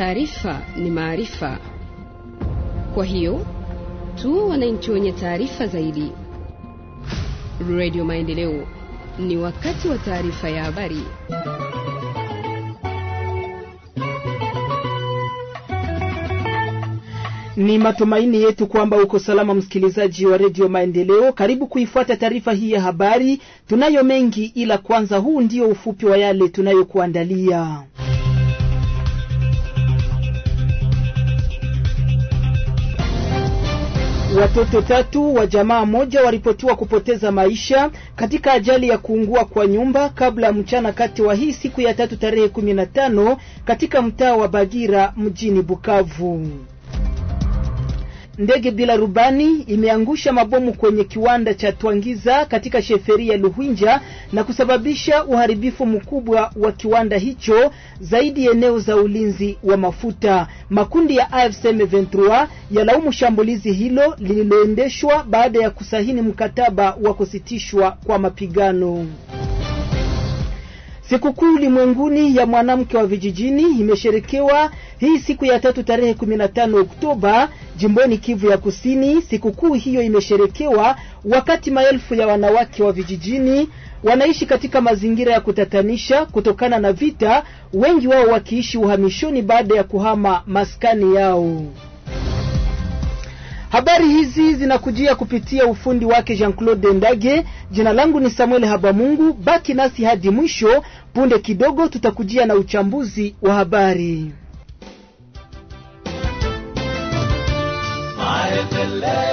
Taarifa ni maarifa, kwa hiyo tu wananchi wenye taarifa zaidi. Radio Maendeleo, ni wakati wa taarifa ya habari. Ni matumaini yetu kwamba uko salama, msikilizaji wa redio Maendeleo. Karibu kuifuata taarifa hii ya habari. Tunayo mengi, ila kwanza, huu ndio ufupi wa yale tunayokuandalia. Watoto tatu wa jamaa moja waripotiwa kupoteza maisha katika ajali ya kuungua kwa nyumba kabla mchana kati wa hii siku ya tatu tarehe 15 katika mtaa wa Bagira mjini Bukavu. Ndege bila rubani imeangusha mabomu kwenye kiwanda cha Twangiza katika sheferi ya Luhinja na kusababisha uharibifu mkubwa wa kiwanda hicho, zaidi eneo za ulinzi wa mafuta. Makundi ya AFC M23 yalaumu shambulizi hilo lililoendeshwa baada ya kusahini mkataba wa kusitishwa kwa mapigano. Sikukuu ulimwenguni ya mwanamke wa vijijini imesherekewa hii siku ya tatu tarehe 15 Oktoba jimboni Kivu ya Kusini. Sikukuu hiyo imesherekewa wakati maelfu ya wanawake wa vijijini wanaishi katika mazingira ya kutatanisha kutokana na vita, wengi wao wakiishi uhamishoni baada ya kuhama maskani yao. Habari hizi zinakujia kupitia ufundi wake Jean-Claude Ndage. Jina langu ni Samuel Habamungu, baki nasi hadi mwisho. Punde kidogo tutakujia na uchambuzi wa habari Maendeleo.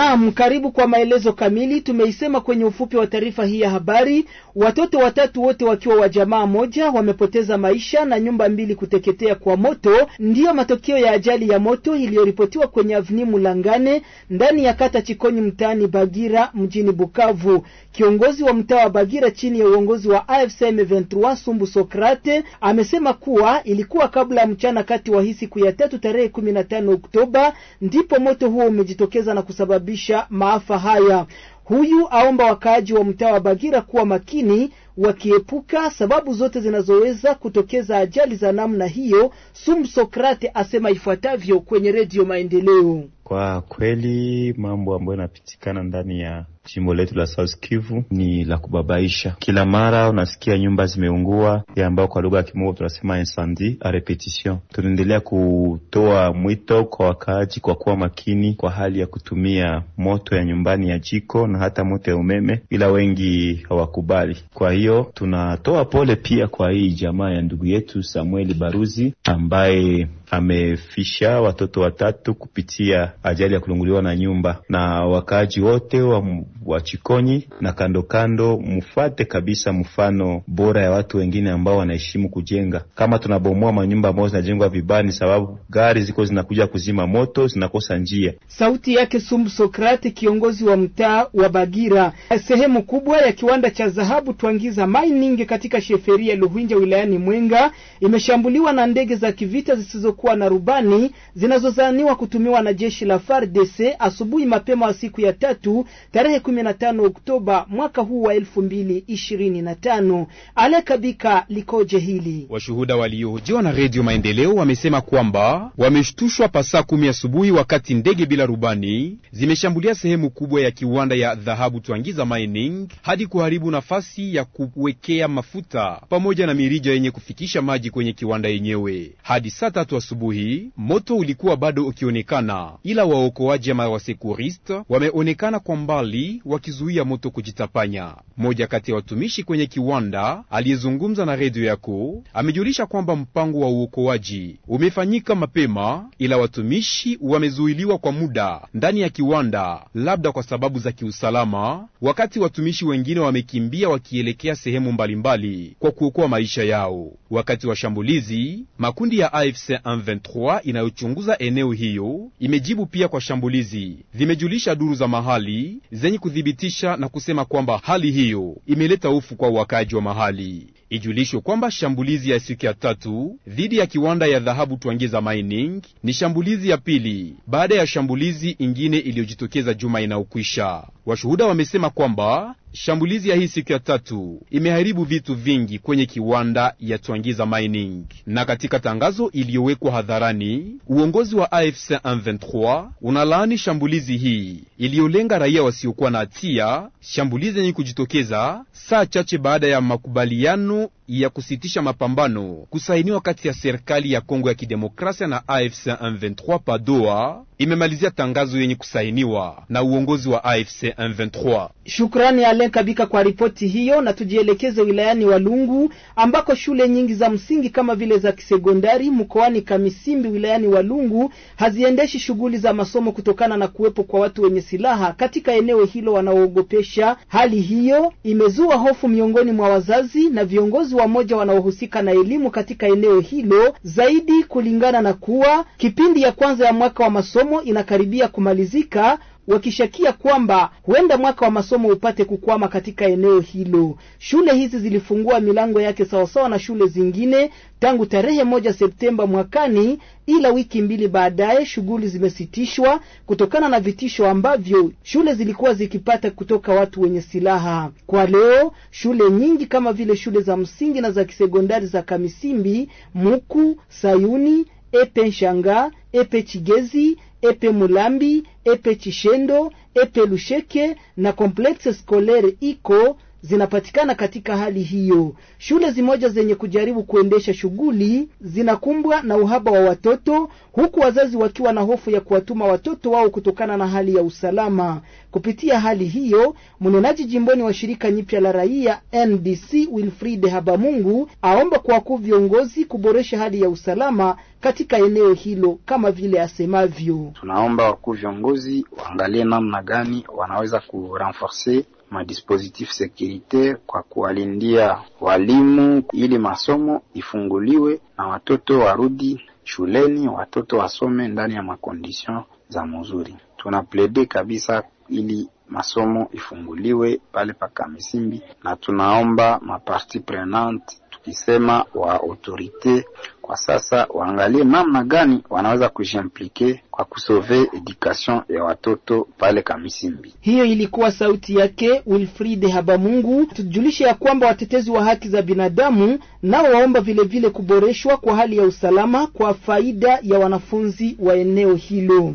Naam, karibu kwa maelezo kamili. Tumeisema kwenye ufupi wa taarifa hii ya habari, watoto watatu wote wakiwa wa jamaa moja wamepoteza maisha na nyumba mbili kuteketea kwa moto, ndiyo matokeo ya ajali ya moto iliyoripotiwa kwenye avenue Mulangane ndani ya kata Chikonyi mtaani Bagira mjini Bukavu. Kiongozi wa mtaa wa Bagira chini ya uongozi wa AFC M23 Sumbu Sokrate amesema kuwa ilikuwa kabla ya mchana kati wa hii siku ya tatu tarehe 15 Oktoba ndipo moto huo umejitokeza na kusababisha maafa haya. Huyu aomba wakaaji wa mtaa wa Bagira kuwa makini wakiepuka sababu zote zinazoweza kutokeza ajali za namna hiyo. Sum Sokrate asema ifuatavyo kwenye Redio Maendeleo. Kwa kweli mambo ambayo yanapitikana ndani ya Jimbo letu la South Kivu ni la kubabaisha. Kila mara unasikia nyumba zimeungua, ya ambayo kwa lugha ya kimombo tunasema insandi a repetition. Tunaendelea kutoa mwito kwa wakaaji kwa kuwa makini kwa hali ya kutumia moto ya nyumbani ya jiko na hata moto ya umeme, ila wengi hawakubali. Kwa hiyo tunatoa pole pia kwa hii jamaa ya ndugu yetu Samueli Baruzi ambaye amefisha watoto watatu kupitia ajali ya kulunguliwa na nyumba na wakaaji wote wa wa Chikonyi na kando kando, mufate kabisa mfano bora ya watu wengine ambao wanaheshimu kujenga. Kama tunabomoa manyumba ambayo zinajengwa vibaya, ni sababu gari ziko zinakuja kuzima moto zinakosa njia. Sauti yake Sumbu Sokrate, kiongozi wa mtaa wa Bagira. Sehemu kubwa ya kiwanda cha dhahabu Twangiza Mining katika sheferia Luhinja wilayani Mwenga imeshambuliwa na ndege za kivita zisizokuwa na rubani zinazozaniwa kutumiwa na jeshi la FARDC asubuhi mapema wa siku ya tatu tarehe 15 Oktoba mwaka huu wa 2025. Alekabika likoje hili? Washuhuda waliohojiwa na Redio Maendeleo wamesema kwamba wameshtushwa pasaa kumi asubuhi wakati ndege bila rubani zimeshambulia sehemu kubwa ya kiwanda ya dhahabu Twangiza Mining hadi kuharibu nafasi ya kuwekea mafuta pamoja na mirija yenye kufikisha maji kwenye kiwanda yenyewe. Hadi saa tatu asubuhi moto ulikuwa bado ukionekana, ila waokoaji ama wasekurist wameonekana kwa mbali wakizuia moto kujitapanya. Mmoja kati ya watumishi kwenye kiwanda aliyezungumza na redio yako amejulisha kwamba mpango wa uokoaji umefanyika mapema, ila watumishi wamezuiliwa kwa muda ndani ya kiwanda, labda kwa sababu za kiusalama, wakati watumishi wengine wamekimbia wakielekea sehemu mbalimbali mbali kwa kuokoa maisha yao. Wakati wa shambulizi, makundi ya AFC 23 inayochunguza eneo hiyo imejibu pia kwa shambulizi, zimejulisha duru za mahali zenye kuthibitisha na kusema kwamba hali hiyo imeleta hofu kwa uwakaji wa mahali. Ijulishwe kwamba shambulizi ya siku ya tatu dhidi ya kiwanda ya dhahabu Twangeza Mining ni shambulizi ya pili baada ya shambulizi ingine iliyojitokeza juma inayokwisha. Washuhuda wamesema kwamba shambulizi ya hii siku ya tatu imeharibu vitu vingi kwenye kiwanda ya Twangiza Mining. Na katika tangazo iliyowekwa hadharani, uongozi wa AFC M23 unalaani shambulizi hii iliyolenga raia wasiokuwa na hatia, shambulizi yenye kujitokeza saa chache baada ya makubaliano nous ya kusitisha mapambano kusainiwa kati ya serikali ya Kongo ya Kidemokrasia na AFC M23 Padoa imemalizia tangazo yenye kusainiwa na uongozi wa AFC M23. Shukrani Alen Kabika kwa ripoti hiyo, na tujielekeze wilayani Walungu ambako shule nyingi za msingi kama vile za kisekondari mkoani Kamisimbi wilayani Walungu haziendeshi shughuli za masomo kutokana na kuwepo kwa watu wenye silaha katika eneo hilo wanaoogopesha. Hali hiyo imezua hofu miongoni mwa wazazi na viongozi wamoja wanaohusika na elimu katika eneo hilo zaidi, kulingana na kuwa kipindi ya kwanza ya mwaka wa masomo inakaribia kumalizika wakishakia kwamba huenda mwaka wa masomo upate kukwama katika eneo hilo. Shule hizi zilifungua milango yake sawasawa na shule zingine tangu tarehe moja Septemba mwakani, ila wiki mbili baadaye shughuli zimesitishwa kutokana na vitisho ambavyo shule zilikuwa zikipata kutoka watu wenye silaha. Kwa leo shule nyingi kama vile shule za msingi na za kisekondari za Kamisimbi, Muku, Sayuni, Epe Nshanga, Epe Chigezi epe Mulambi, epe Chishendo, epe Lusheke na komplekse skolere iko zinapatikana katika hali hiyo. Shule zimoja zenye kujaribu kuendesha shughuli zinakumbwa na uhaba wa watoto, huku wazazi wakiwa na hofu ya kuwatuma watoto wao kutokana na hali ya usalama. Kupitia hali hiyo, mnenaji jimboni wa shirika nyipya la raia NDC wilfrid Habamungu aomba kwa wakuu viongozi kuboresha hali ya usalama katika eneo hilo, kama vile asemavyo: tunaomba wakuu viongozi waangalie namna gani wanaweza kurenforce madispositif security kwa kuwalindia walimu ili masomo ifunguliwe na watoto warudi shuleni, watoto wasome ndani ya makondisyon za mzuri. Tuna plede kabisa ili masomo ifunguliwe pale pa Kamisimbi, na tunaomba maparti prenante tukisema wa autorite kwa sasa waangalie namna gani wanaweza kujiimplike kwa kusove edukation ya watoto pale Kamisimbi. Hiyo ilikuwa sauti yake Wilfride Habamungu. Tujulishe ya kwamba watetezi wa haki za binadamu nao waomba vilevile vile kuboreshwa kwa hali ya usalama kwa faida ya wanafunzi wa eneo hilo.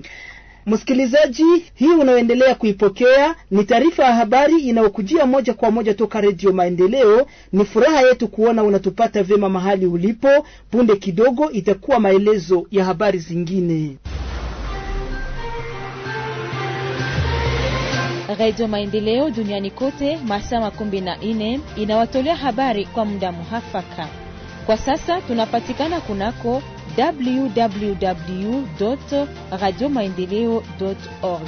Msikilizaji, hii unaoendelea kuipokea ni taarifa ya habari inayokujia moja kwa moja toka Redio Maendeleo. Ni furaha yetu kuona unatupata vyema mahali ulipo. Punde kidogo itakuwa maelezo ya habari zingine. Redio Maendeleo duniani kote masaa makumi na nne inawatolea habari kwa muda muhafaka. Kwa sasa tunapatikana kunako www.radiomaendeleo.org.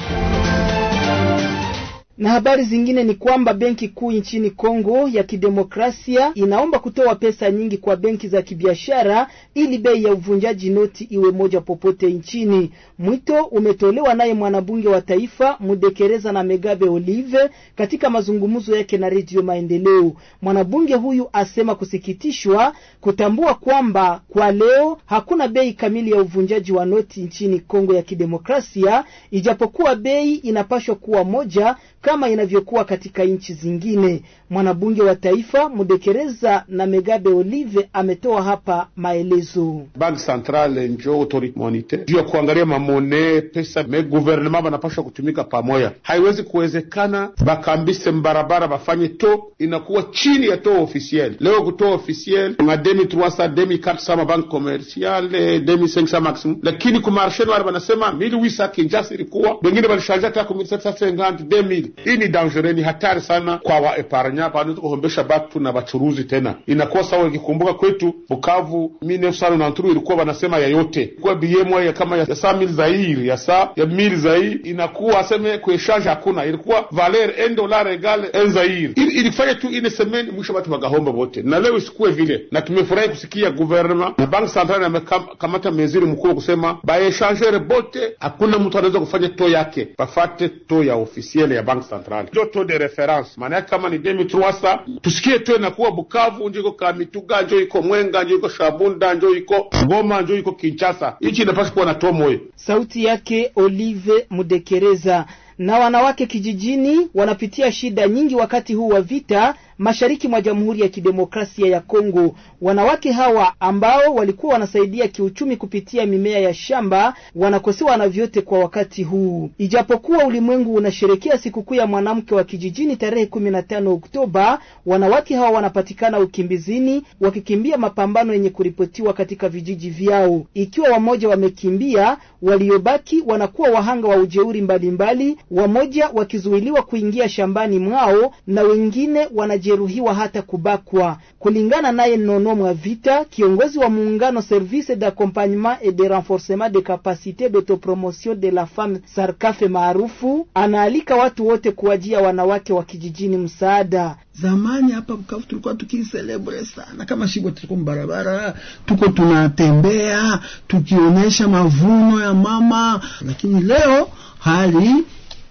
Na habari zingine ni kwamba benki kuu nchini Kongo ya Kidemokrasia inaomba kutoa pesa nyingi kwa benki za kibiashara ili bei ya uvunjaji noti iwe moja popote nchini. Mwito umetolewa naye mwanabunge wa taifa Mudekereza na Megabe Olive katika mazungumzo yake na Redio Maendeleo. Mwanabunge huyu asema kusikitishwa kutambua kwamba kwa leo hakuna bei kamili ya uvunjaji wa noti nchini Kongo ya Kidemokrasia, ijapokuwa bei inapashwa kuwa moja kama inavyokuwa katika nchi zingine. Mwanabunge wa taifa Mudekereza na Megabe Olive ametoa hapa maelezo. Banki Centrale njo autorite monite juu ya kuangalia mamone pesa me guvernema banapashwa kutumika pamoya. Haiwezi kuwezekana bakambise mbarabara bafanye to inakuwa chini ya to ofisiel. Leo kutoa ofisiel nga 2300 2400 mabanki komersiale 2500 maximum, lakini kumarshe nwari banasema 1800 kinjasi ilikuwa bengine balishanja hata 1750 2000 hii ni dangere, ni hatari sana kwa waeparnya, panaweza kuhombesha batu na bachuruzi. Tena inakuwa sawa, ikikumbuka kwetu Bukavu minefsanonanturu ilikuwa wanasema ya yote ilikuwa biemwa ya kama ya saa mili zairi ya saa ya mili zairi inakuwa aseme kueshange hakuna, ilikuwa valer un dollar egale un zairi. Ilifanya tu ine semeni, mwisho batu wakahomba bote, na leo isikuwe vile. Na tumefurahi kusikia guvernema na banki santrali amekamata meziri mkuu kusema baeshangere bote, hakuna mtu anaweza kufanya to yake, bafate to ya ofisiele ya bank Centrale, njo de reference. Maana yake kama ni 2003 tusikie tu inakuwa Bukavu njo iko Kamituga, njo iko Mwenga, njo iko Shabunda, njo iko Goma, njo iko Kinshasa. Hichi inapaswa kuwa na tomoyo. Sauti yake Olive Mudekereza na wanawake kijijini wanapitia shida nyingi wakati huu wa vita mashariki mwa Jamhuri ya Kidemokrasia ya Kongo. Wanawake hawa ambao walikuwa wanasaidia kiuchumi kupitia mimea ya shamba wanakosewa na vyote kwa wakati huu. Ijapokuwa ulimwengu unasherekea sikukuu ya mwanamke wa kijijini tarehe 15 Oktoba, wanawake hawa wanapatikana ukimbizini wakikimbia mapambano yenye kuripotiwa katika vijiji vyao. Ikiwa wamoja wamekimbia, waliobaki wanakuwa wahanga wa ujeuri mbalimbali mbali, wamoja wakizuiliwa kuingia shambani mwao na wengine wanajeruhiwa hata kubakwa. Kulingana naye Nono Mwa Vita, kiongozi wa muungano Service d'accompagnement et de renforcement des capacités d'autopromotion de la femme Sarkafe maarufu, anaalika watu wote kuwajia wanawake wa kijijini msaada. Zamani hapa Bukavu tulikuwa tukiselebre sana kama shigo, tuko mbarabara, tuko tunatembea tukionyesha mavuno ya mama, lakini leo hali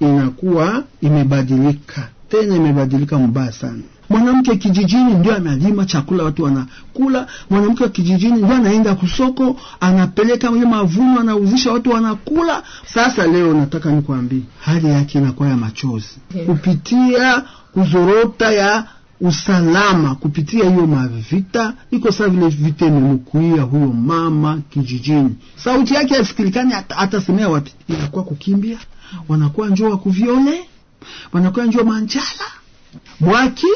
inakuwa imebadilika, tena imebadilika mbaya sana. Mwanamke kijijini ndio analima chakula watu wanakula. Mwanamke wa kijijini ndio anaenda kusoko, anapeleka ile mavuno, anauzisha, watu wanakula. Sasa leo nataka nikwambie, hali yake inakuwa ya machozi kupitia kuzorota ya usalama kupitia hiyo mavita iko sawa vile vita imemkuia huyo mama kijijini, sauti yake hata atasemea wapi. Inakuwa kukimbia, wanakuwa njoo wa kuviole, wanakuwa njoo manjala bwaki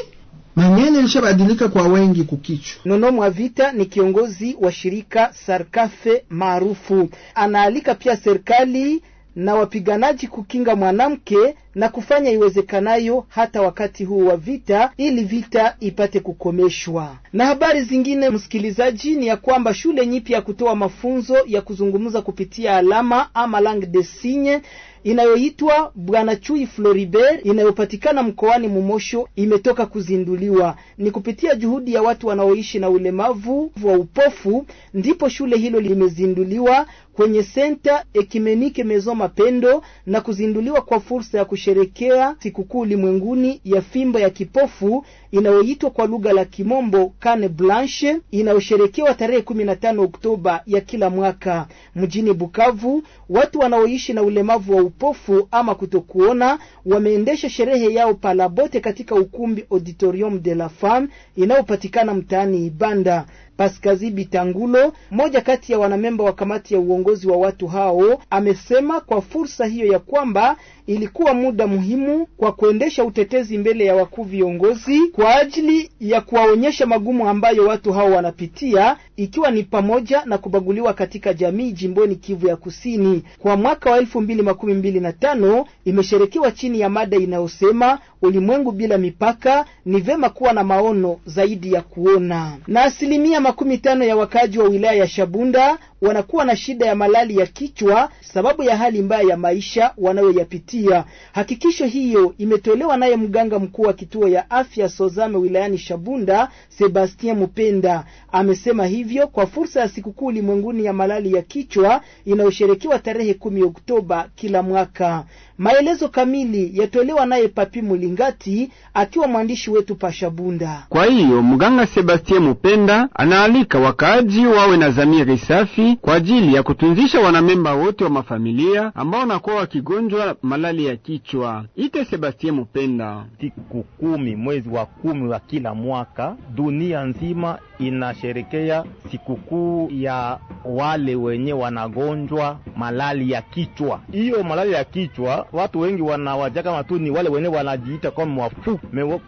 manyene ilishabadilika kwa wengi kukichwa. Nono Mwavita ni kiongozi wa shirika Sarkafe maarufu, anaalika pia serikali na wapiganaji kukinga mwanamke na kufanya iwezekanayo hata wakati huu wa vita ili vita ipate kukomeshwa. Na habari zingine, msikilizaji, ni ya kwamba shule nyipya ya kutoa mafunzo ya kuzungumza kupitia alama ama langue de signe inayoitwa Bwana Chui Floribert inayopatikana mkoani Mumosho imetoka kuzinduliwa. Ni kupitia juhudi ya watu wanaoishi na ulemavu wa upofu ndipo shule hilo limezinduliwa kwenye senta Ekimenike Mezo Mapendo na kuzinduliwa kwa fursa ya kusherekea sikukuu ulimwenguni ya fimba ya kipofu inayoitwa kwa lugha la Kimombo Cane Blanche inayosherekewa tarehe 15 Oktoba ya kila mwaka. Mjini Bukavu, watu wanaoishi na ulemavu wa upofu ama kutokuona wameendesha sherehe yao palabote katika ukumbi Auditorium de la Femme inayopatikana mtaani Ibanda. Paskazi Bitangulo, mmoja kati ya wanamemba wa kamati ya uongozi wa watu hao, amesema kwa fursa hiyo ya kwamba ilikuwa muda muhimu kwa kuendesha utetezi mbele ya wakuu viongozi kwa ajili ya kuwaonyesha magumu ambayo watu hao wanapitia, ikiwa ni pamoja na kubaguliwa katika jamii jimboni Kivu ya Kusini. Kwa mwaka wa elfu mbili makumi mbili na tano imesherekewa chini ya mada inayosema ulimwengu bila mipaka, ni vema kuwa na maono zaidi ya kuona na asilimia makumi tano ya wakaji wa wilaya ya Shabunda wanakuwa na shida ya malali ya kichwa sababu ya hali mbaya ya maisha wanayoyapitia. Hakikisho hiyo imetolewa naye mganga mkuu wa kituo ya afya Sozame wilayani Shabunda, Sebastien Mupenda. Amesema hivyo kwa fursa ya sikukuu ulimwenguni ya malali ya kichwa inayosherekewa tarehe kumi Oktoba kila mwaka. Maelezo kamili yatolewa naye Papi Mulingati akiwa mwandishi wetu Pashabunda. Kwa hiyo mganga Sebastien Mupenda anaalika wakaaji wawe na zamiri safi kwa ajili ya kutunzisha wanamemba wote wa mafamilia ambao wanakuwa wakigonjwa malali ya kichwa. Ite Sebastien Mupenda. Siku kumi mwezi wa kumi wa kila mwaka dunia nzima inasherekea sikukuu ya wale wenye wanagonjwa malali ya kichwa. Hiyo malali ya kichwa watu wengi wanawajaka ni wale wenye wanajiita kama wafu.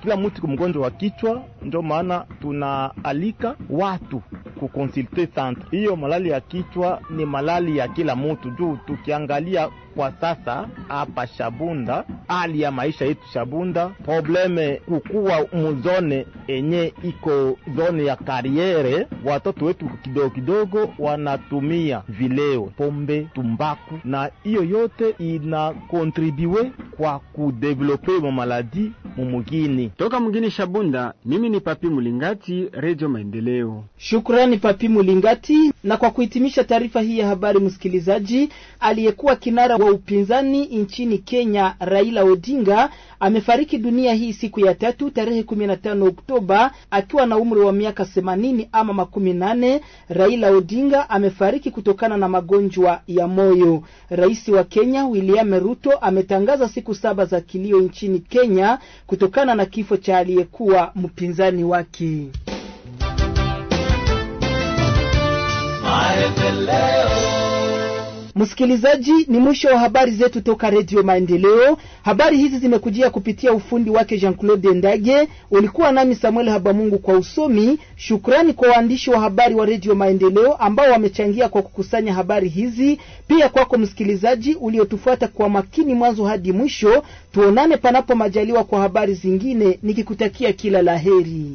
Kila mtu kumgonjwa wa kichwa, ndio maana tunaalika watu kukonsulte centre. Hiyo malali ya kichwa ni malali ya kila mutu, juu tukiangalia kwa sasa hapa Shabunda, hali ya maisha yetu Shabunda, probleme kukuwa muzone enye iko zone ya kariere, watoto wetu kidogo kidogo wanatumia vileo, pombe, tumbaku na hiyo yote inakontribiwe kwa kudevelope mamaladi mumugini. Toka mugini Shabunda, mimi ni Papi Mulingati, Redio Maendeleo. Shukrani Papi Mulingati. Na kwa kuhitimisha taarifa hii ya habari, msikilizaji, aliyekuwa kinara wa upinzani nchini Kenya Raila Odinga amefariki dunia hii siku ya tatu tarehe 15 Oktoba akiwa na umri wa miaka 80 ama makumi nane. Raila Odinga amefariki kutokana na magonjwa ya moyo. Rais wa Kenya William Ruto ametangaza siku saba za kilio nchini Kenya kutokana na kifo cha aliyekuwa mpinzani wake. Msikilizaji, ni mwisho wa habari zetu toka Redio Maendeleo. Habari hizi zimekujia kupitia ufundi wake Jean Claude Ndage. Ulikuwa nami Samuel Habamungu kwa usomi. Shukrani kwa waandishi wa habari wa Redio Maendeleo ambao wamechangia kwa kukusanya habari hizi, pia kwako msikilizaji uliotufuata kwa makini mwanzo hadi mwisho. Tuonane panapo majaliwa kwa habari zingine, nikikutakia kila laheri.